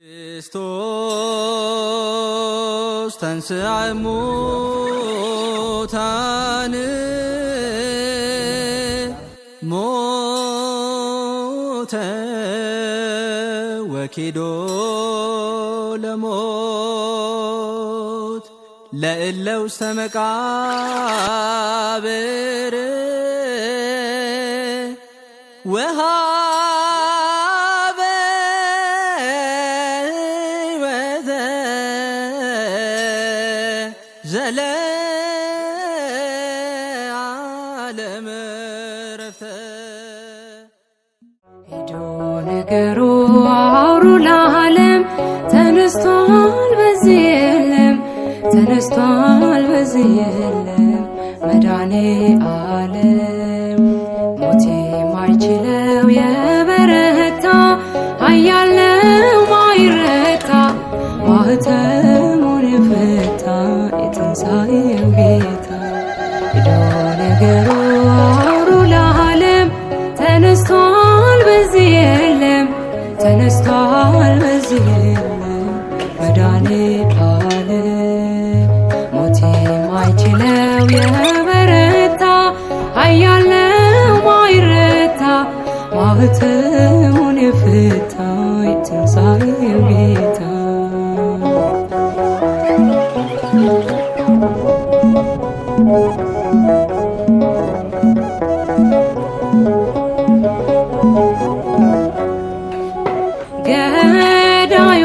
ክርስቶስ ተንሥአ እሙታን ሞተ ወኪዶ ለሞት ለእለ ውስተ መቃብር ወሃ ለዓለም ረፈ ሄዶ ነገሩ አውሩ ለዓለም ተነስቷል በዚህ የለም ተነስቷል በዚህ የለም መድኃኔ ዓለም ሞቴ ማይችለው የበረታ አያለው ማይረታ ማህተሙን ፈታ የትንሣኤው ጌታ ቃል ሞት የማይችለው የበረታ ኃያል ማይረታ የፈታ ጌታ ገዳዩ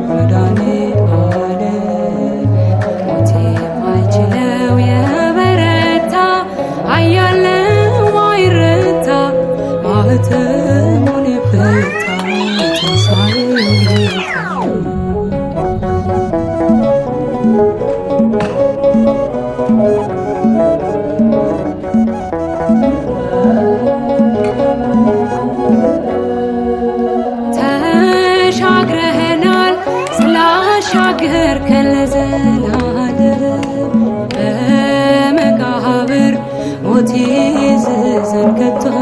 But I need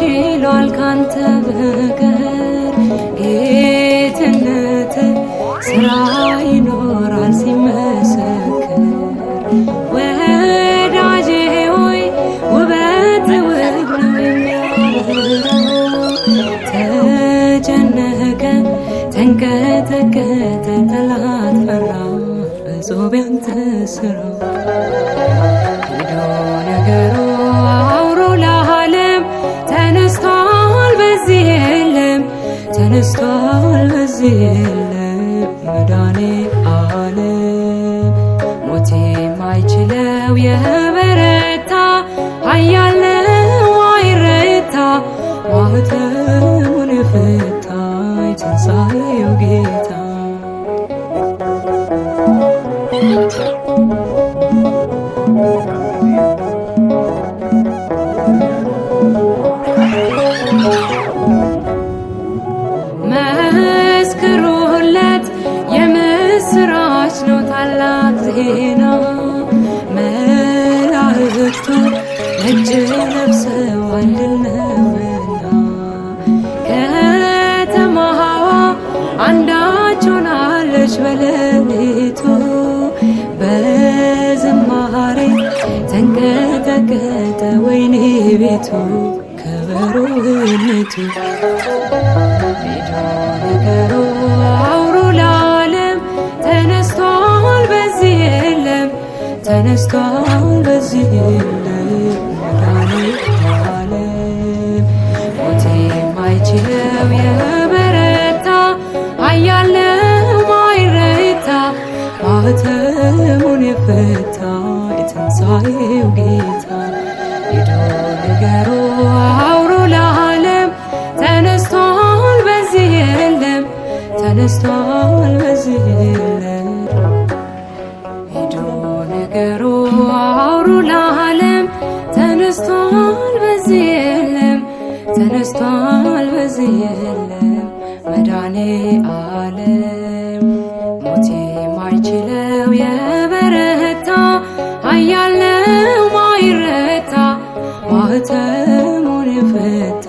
ችሏል ካንተ በቀር ጌትነት ስራ ይኖራል ሲመሰክር ወዳጄ ሆይ ውበት ተጨነቀ ተንቀጠቀጠ ጠላት ፈራ ስራ ሄዶ ነገሩ ተነስቷል በዚህ የለም መድኃኔዓለም ሞት የማይችለው የበረታ ኃያል ነው አይረታ ማኅተሙን የፈታ እጅ ለብሰዋልንምና ከተማዋ አንዳች ሆናለች በለሊቱ በዝማሬ ተንቀጠቀጠ ወይኔ ቤቱ ከበሮ ነቱ አውሩ ለዓለም ተነስቷል በዚህ የለም ተነስቷል በዚህ የለም ከተሙን የፈታ የትንሣኤው ጌታ ሂዱ ንገሩ አውሩ ለዓለም ተነስቷል በዚህ የለም ተነስቷል በዚህ የለም ሂዱ ንገሩ አውሩ ለዓለም ተነስቷል በዚህ የለም ተነስቷል በዚህ የለም መድኃኔ ዓለም የበረታ ኃያል ነው ማይረታ ማኅተሙን የፈታ